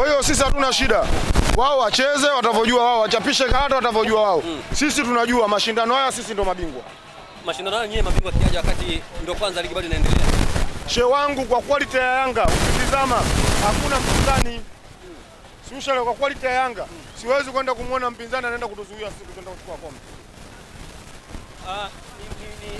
Kwa hiyo sisi hatuna shida, wao wacheze watavyojua wao, wachapishe kata watavyojua wao. Sisi tunajua mashindano haya, sisi ndo mabingwa. Mashindano haya yenyewe mabingwa kiaje, wakati ndo kwanza ligi bado inaendelea. She wangu kwa quality ya Yanga ukitizama hakuna mpinzani kwa quality ya Yanga siwezi kwenda kumwona mpinzani anaenda kutuzuia sisi kwenda kuchukua kombe. Ah,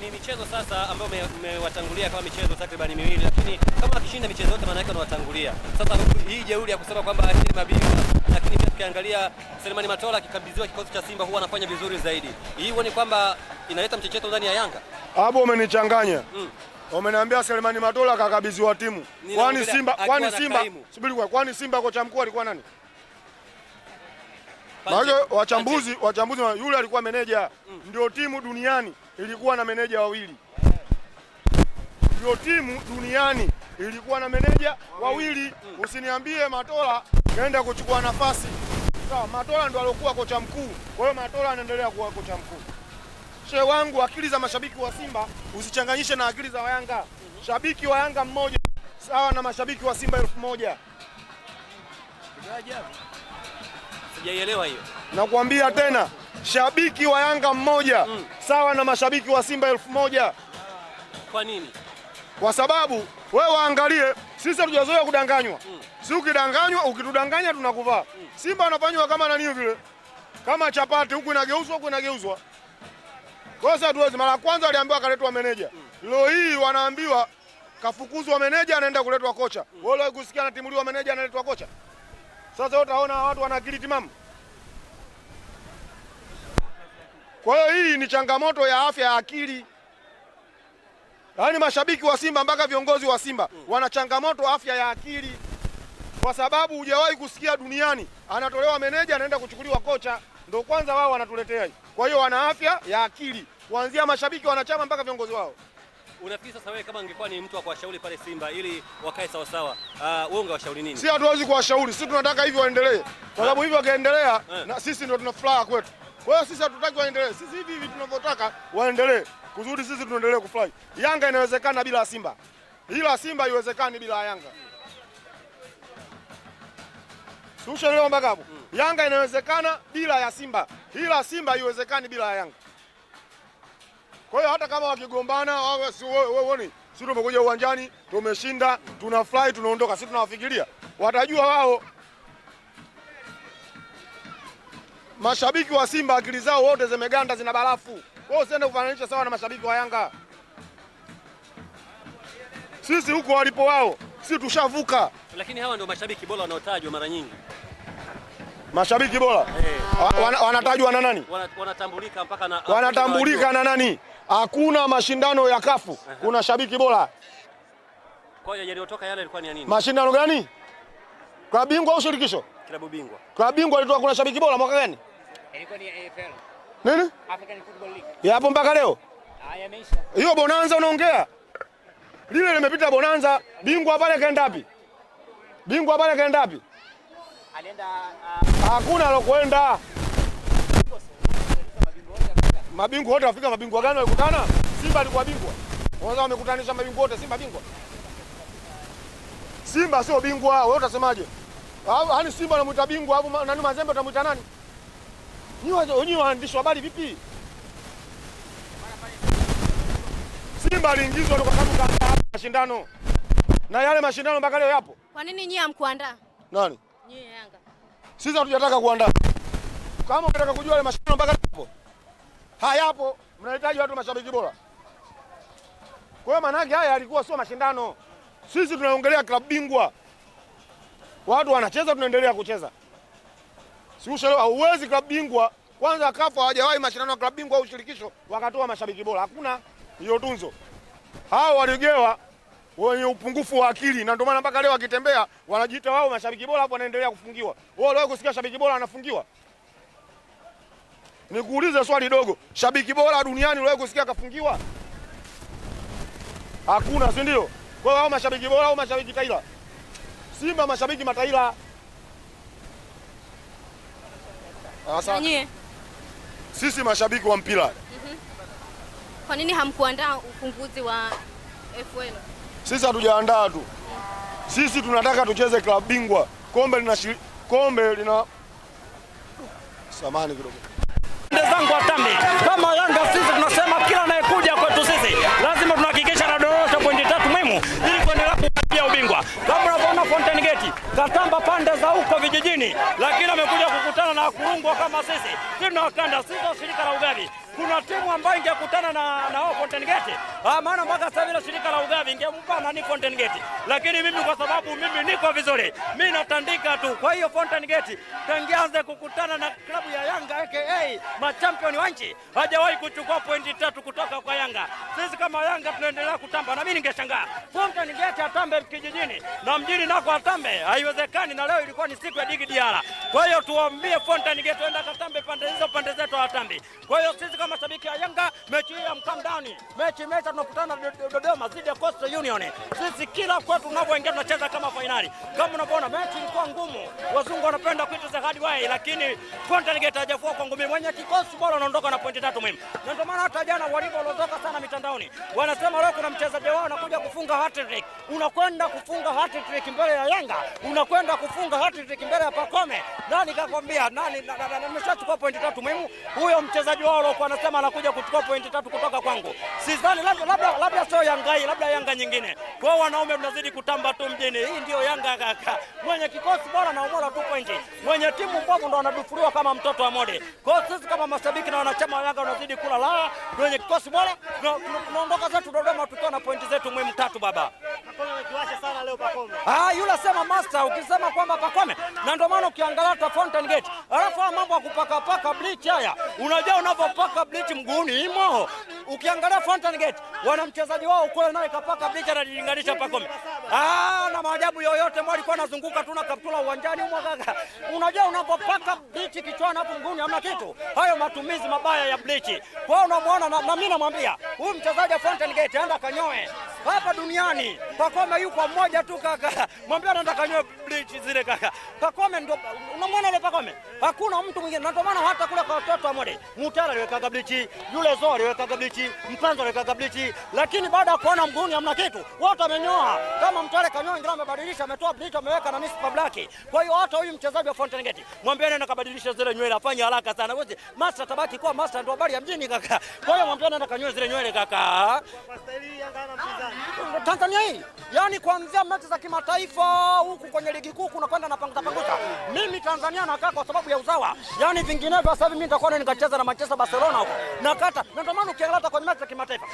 ni, michezo sasa ambayo mmewatangulia kama michezo takribani miwili, lakini kama akishinda michezo yote maana yake anawatangulia. Sasa hii jeuri ya kusema kwamba ni mabingwa, lakini pia tukiangalia Selemani Matola akikabidhiwa kikosi cha Simba huwa anafanya vizuri zaidi. Hii huoni kwamba inaleta mchecheto ndani ya Yanga? Hapo umenichanganya. Mm. Umeniambia Selemani Matola akakabidhiwa timu. Kwani Simba, kwani Simba, subiri, kwani Simba kocha mkuu alikuwa nani? Bado wachambuzi wachambuzi yule alikuwa meneja mm. Ndio timu duniani ilikuwa na meneja wawili yeah. Ndio timu duniani ilikuwa na meneja wawili mm. Usiniambie Matola kaenda kuchukua nafasi sawa. Matola ndo aliokuwa kocha mkuu, kwa hiyo Matola anaendelea kuwa kocha mkuu. She wangu, akili za mashabiki wa Simba usichanganyishe na akili za Yanga. Mm-hmm. Shabiki wa Yanga mmoja sawa na mashabiki wa Simba elfu moja. Sijaielewa hiyo. Nakwambia tena shabiki wa Yanga mmoja mm. sawa na mashabiki wa Simba elfu moja. Kwa nini? Kwa sababu we waangalie, sisi hatujazoea kudanganywa mm. si ukidanganywa, ukitudanganya tunakuvaa mm. Simba anafanywa kama nani vile, kama chapati, huku inageuzwa, huku inageuzwa. Kwa sababu tuwezi, Mara kwanza aliambiwa akaletwa meneja mm. leo hii wanaambiwa kafukuzwa meneja, anaenda kuletwa kocha mm. wewe kusikia anatimuliwa meneja, analetwa kocha sasa utaona watu wana akili timamu. Kwa hiyo hii ni changamoto ya afya ya akili, yaani mashabiki wa Simba mpaka viongozi wa Simba wana changamoto afya ya akili, kwa sababu hujawahi kusikia duniani anatolewa meneja anaenda kuchukuliwa kocha, ndio kwanza wao wanatuletea hii. Kwa hiyo wana afya ya akili kuanzia mashabiki, wanachama mpaka viongozi wao. Unafikiri sasa wewe kama angekuwa ni mtu wa kuwashauri pale Simba ili wakae sawa sawa, uh, wewe ungewashauri nini? Si hatuwezi kuwashauri, sisi tunataka hivi waendelee, kwa sababu hivi wakiendelea eh. na sisi ndio tuna furaha kwetu. Kwa hiyo sisi hatutaki waendelee, sisi hivi hivi tunavyotaka waendelee kuzuri, sisi tunaendelee kufurahi. Yanga inawezekana bila Simba, ila Simba haiwezekani bila Yanga. Tushaelewa mpaka hapo? Mm. Yanga inawezekana bila ya Simba, ila Simba haiwezekani bila ya Yanga. Kwa hiyo hata kama wakigombana uoni, si tumekuja uwanjani, tumeshinda, tunafurahi, tunaondoka, si tunawafikiria, watajua wao. Mashabiki wa Simba akili zao wote zimeganda, zina barafu. Wewe usiende kufananisha sawa na mashabiki wa Yanga. Sisi huko walipo wao, sisi tushavuka. Lakini hawa ndio mashabiki bora wanaotajwa mara nyingi mashabiki bora hey. Eh. Wanatajwa na nani? Wanatambulika mpaka na wanatambulika na nani? Hakuna mashindano ya kafu kuna shabiki bora. Kwa hiyo yaliyotoka yale ilikuwa ni nini? Mashindano gani? Kwa bingwa au shirikisho? Klabu bingwa. Kwa bingwa ilitoka kuna shabiki bora mwaka gani? Ilikuwa ni AFL. Nini? African Football League. Yapo mpaka leo? Ah, yameisha. Hiyo bonanza unaongea? Lile limepita bonanza, bingwa pale kaenda wapi? Bingwa pale kaenda wapi? Alienda uh hakuna alokwenda. Mabingwa wote wafika. Mabingwa gani walikutana? Simba alikuwa bingwa, wao wamekutanisha mabingwa wote. Simba bingwa, Simba sio bingwa. Wewe utasemaje? Yaani Simba anamuita bingwa au nani? Mazembe utamuita nani? Nyinyi waandishi wa habari vipi? Simba aliingizwa kwa sababu kaandaa mashindano na yale mashindano mpaka leo yapo. Kwa nini nyinyi hamkuandaa? Nani? Nyinyi Yanga. Sisi hatujataka kuandaa. Kama unataka kujua wale mashindano mpaka hapo. Hayapo, mnahitaji watu mashabiki bora. Kwa hiyo maanake haya yalikuwa sio mashindano. Sisi tunaongelea klabu bingwa. Watu wanacheza tunaendelea kucheza. Si ushelewa huwezi klabu bingwa. Kwanza Kafu hawajawahi mashindano ya klabu bingwa au shirikisho wakatoa mashabiki bora. Hakuna hiyo tunzo. Hao waligewa wenye upungufu wa akili, na ndio maana mpaka leo wakitembea wanajiita wao mashabiki bora, hapo wanaendelea kufungiwa. Wewe uliwahi kusikia shabiki bora anafungiwa? Nikuulize swali dogo, shabiki bora duniani uliwahi kusikia akafungiwa? Hakuna, si ndio? Kwa hiyo hao mashabiki bora au mashabiki taila? Simba mashabiki mataila. Sasa sisi mashabiki wa mpira. Mm -hmm. Kwa nini hamkuandaa ufunguzi wa FL? Sisi hatujaandaa tu, sisi tunataka tucheze klabu bingwa. Kombe lina kombe lina samani kidogo, Ndezangu zangu atambe kama Yanga sisi Fountain Gate, Katamba pande za huko vijijini, lakini amekuja kukutana na wakurungwa kama sisi, timu na wakanda sisi, shirika la ugavi. Kuna timu ambayo ingekutana na na wao Fountain Gate, ah, maana mpaka sasa vile shirika la ugavi ingempa ni Fountain Gate, lakini mimi kwa sababu mimi niko vizuri, mimi natandika tu. Kwa hiyo Fountain Gate tangianze kukutana na klabu Yanga aka machampioni wa nchi hajawahi kuchukua pointi tatu kutoka kwa Yanga. Sisi kama Yanga tunaendelea kutamba, na mimi ningeshangaa Fountain ningeacha atambe kijijini na mjini nako atambe, haiwezekani. Na leo ilikuwa ni siku ya Digi Diara. Kwa hiyo tuwaambie Fountain Gate tuenda katambe pande hizo pande zetu hawatambi. Kwa hiyo sisi kama shabiki wa Yanga, mechi hii ya mkamdani, mechi mecha tunakutana Dodoma dhidi ya Coastal Union. Sisi kila kwa tunapoingia tunacheza kama finali. Kama unavyoona mechi ilikuwa ngumu, wazungu wanapenda kuitu za hard way, lakini Fountain Gate hajafua kwa ngumu. mwenye kikosi bora anaondoka na pointi tatu muhimu, na ndio maana hata jana walipo walivyoondoka sana mitandaoni, wanasema leo kuna mchezaji wao anakuja kufunga hat-trick unakwenda kufunga hat trick mbele ya Yanga, unakwenda kufunga hat trick mbele ya Pakome. Nani kakwambia? Nani nimeshachukua pointi tatu muhimu. Huyo mchezaji wao alikuwa anasema anakuja kuchukua pointi tatu kutoka kwangu, sidhani, labda labda labda sio Yanga hii, labda Yanga nyingine. Kwa hiyo wanaume mnazidi kutamba tu mjini. Hii ndio Yanga kaka, mwenye kikosi bora na ubora tu pointi, mwenye timu mbovu ndo anadufuliwa kama mtoto wa mode. Kwa hiyo sisi kama mashabiki na wanachama wa Yanga unazidi kula laa, mwenye kikosi bora tunaondoka zetu Dodoma tukiwa na pointi zetu muhimu tatu baba. Ah, yule asema master, ukisema kwamba Pakome, na ndio maana ukiangalia hata Fountain Gate, alafu haya mambo ya kupaka paka bleach haya, unajua unapopaka bleach mguuni imo. Ukiangalia Fountain Gate wana mchezaji wao kule, naye kapaka bleach anajilinganisha Pakome. Ah, na maajabu yoyote mwa alikuwa anazunguka tu na kaptula uwanjani huko kaka. Unajua unapopaka bleach kichwani hapo mguuni hamna kitu. Hayo matumizi mabaya ya bleach. Kwa hiyo unamwona na, na mimi namwambia huyu mchezaji wa Fountain Gate aenda kanyoe hapa duniani. Pakome yuko mmoja tu kaka, mwambie anataka nyoe bleach zile kaka. Pakome ndio unamwona ile Pakome, hakuna mtu mwingine, na ndio maana hata kule kwa watoto wa Mode Mutara aliweka bleach, yule Zori aliweka bleach, Mpanzo aliweka bleach, lakini baada ya kuona mguuni hamna kitu, wote wamenyoa. Kama Mtare kanyoa ndio amebadilisha, ametoa bleach, ameweka na nisi pa Black. Kwa hiyo hata huyu mchezaji wa Fountain Gate mwambie anaenda kabadilisha zile nywele, afanye haraka sana, Wote master tabaki kwa master, ndio habari ya mjini kaka. Kwa hiyo mwambie anaenda kanyoe zile nywele kaka. Tanzania hii yaani kuanzia mechi za kimataifa huku kwenye ligi kuu kunakwenda na panguza. Mimi Tanzania nakaa kwa sababu ya uzawa, yaani vinginevyo sasa hivi mimi nitakuwa nikacheza na Manchester Barcelona huko nakata, na ndio maana ukiangalia hata kwenye mechi za kimataifa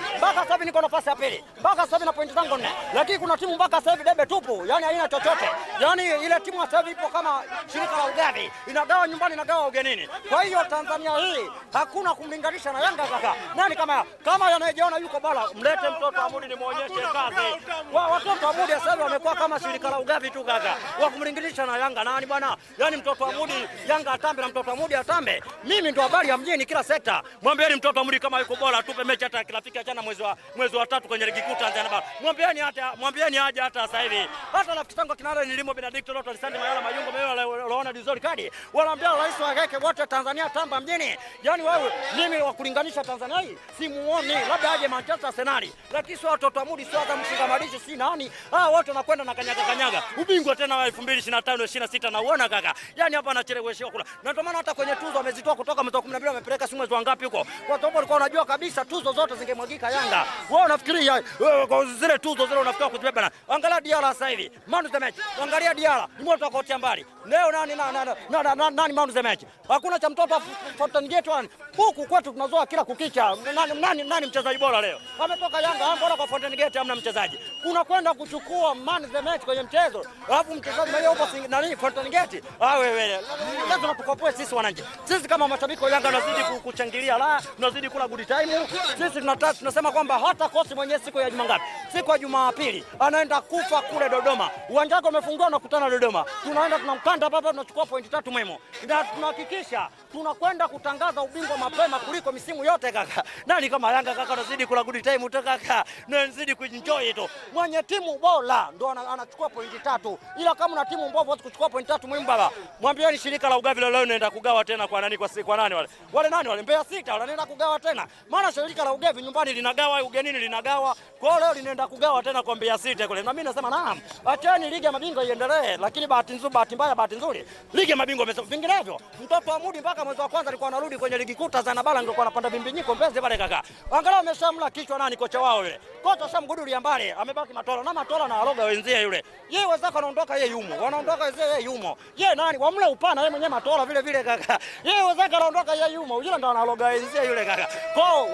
hivi niko nafasi ya pili mpaka sasa hivi na pointi zangu nne, lakini kuna timu mpaka sasa hivi debe tupu, yani haina chochote. Yani ile timu sasa hivi ipo kama shirika la ugavi, inagawa nyumbani, inagawa ugenini. Kwa hiyo Tanzania hii hakuna kumlinganisha na Yanga. Sasa nani kama kama yanayejiona yuko bora, mlete mtoto Amudi nimuonyeshe kazi. Wa watoto Amudi sasa hivi wamekuwa kama shirika la ugavi tu, kaka wa kumlinganisha na Yanga nani bwana? Yani mtoto Amudi Yanga atambe na mtoto Amudi atambe, mimi ndo habari ya mjini kila sekta. Mwambieni mtoto Amudi kama yuko bora, tupe mechi hata kirafiki, achana mwezi wa mwezi wa tatu kwenye ligi kuu Tanzania bara. Mwambieni hata mwambieni aje hata sasa hivi. Hata rafiki zangu kinara nilimo Benedict Lotto alisandi Mayala Mayungo mimi wale waona dizori kadi. Wanaambia rais wa keke wote Tanzania tamba mjini. Yaani wewe mimi wa kulinganisha Tanzania hii si muone labda aje Manchester Arsenal. Lakini sio watoto wa mudi sio hata malisho si nani. Ah wote wanakwenda na kanyaga kanyaga. Ubingwa tena wa 2025 26 na uona kaka. Yaani hapa anacheleweshwa kula. Na ndio maana hata kwenye tuzo wamezitoa kutoka mwezi wa 12 wamepeleka simu mwezi wa ngapi huko. Kwa sababu walikuwa wanajua kabisa tuzo zote zingemwagika Yanga. Wewe unafikiria wewe zile tuzo zile unafikiria kuzibeba na angalia Diala sasa hivi. Man of the match. Angalia Diala, ni mtu akotia mbali. Leo nani na nani nani man of the match? Hakuna cha mtoto Fountain Gate one. Huku kwetu tunazoa kila kukicha. Nani nani nani mchezaji bora leo? Ametoka Yanga, ambaye kwa Fountain Gate hamna mchezaji. Unakwenda kuchukua man of the match kwenye mchezo. Alafu mchezaji mwenyewe upo nani Fountain Gate? Ah wewe. Lazima tukopoe sisi wananchi. Sisi kama mashabiki wa Yanga tunazidi kuchangilia la, tunazidi kula good time. Sisi tunataka tunasema kwamba hata kosi mwenyewe siku ya juma ngapi? Siku ya Jumapili anaenda kufa kule Dodoma, uwanja wake umefungua, unakutana Dodoma, tunaenda tunamkanda papa, tunachukua pointi tatu mwemo, na tunahakikisha tunakwenda kutangaza ubingwa mapema kuliko misimu yote kaka. Nani kama Yanga kaka, unazidi kula good time tu kaka, unazidi kuenjoy tu. Mwenye timu bora ndo anachukua pointi tatu, ila kama una timu mbovu hata kuchukua pointi tatu muhimu baba. Mwambieni shirika la ugavi leo naenda kugawa tena kwa nani, kwa siku kwa nani wale wale nani wale Mbeya sita wanaenda kugawa tena, maana shirika la ugavi nyumbani linagawa ugavi nini, linagawa Kwa hiyo Leo linaenda kugawa tena kwa Mbeya City kule, na mimi nasema naam, acheni ligi ya mabingwa iendelee, lakini bahati nzuri, bahati mbaya, bahati nzuri ligi ya mabingwa imesema vinginevyo. Mtoto wa Mudi mpaka mwezi wa kwanza alikuwa anarudi kwenye ligi kuu Tanzania bara, angekuwa anapanda bimbinyiko Mbezi pale kaka, angalau ameshamla kichwa nani, kocha wao yule kocha shamgudulia mbali, amebaki Matola na Matola na aroga wenzie yule, yeye wenzako anaondoka, yeye yumo, wanaondoka wenzie, yeye yumo, yeye nani wamle upana, yeye mwenyewe Matola vile vile kaka, yeye wenzako anaondoka, yeye yumo, yule ndo analoga wenzie yule kaka kwao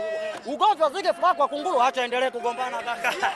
Ugonjwa zile furaha kwa kunguru, acha endelee kugombana kaka.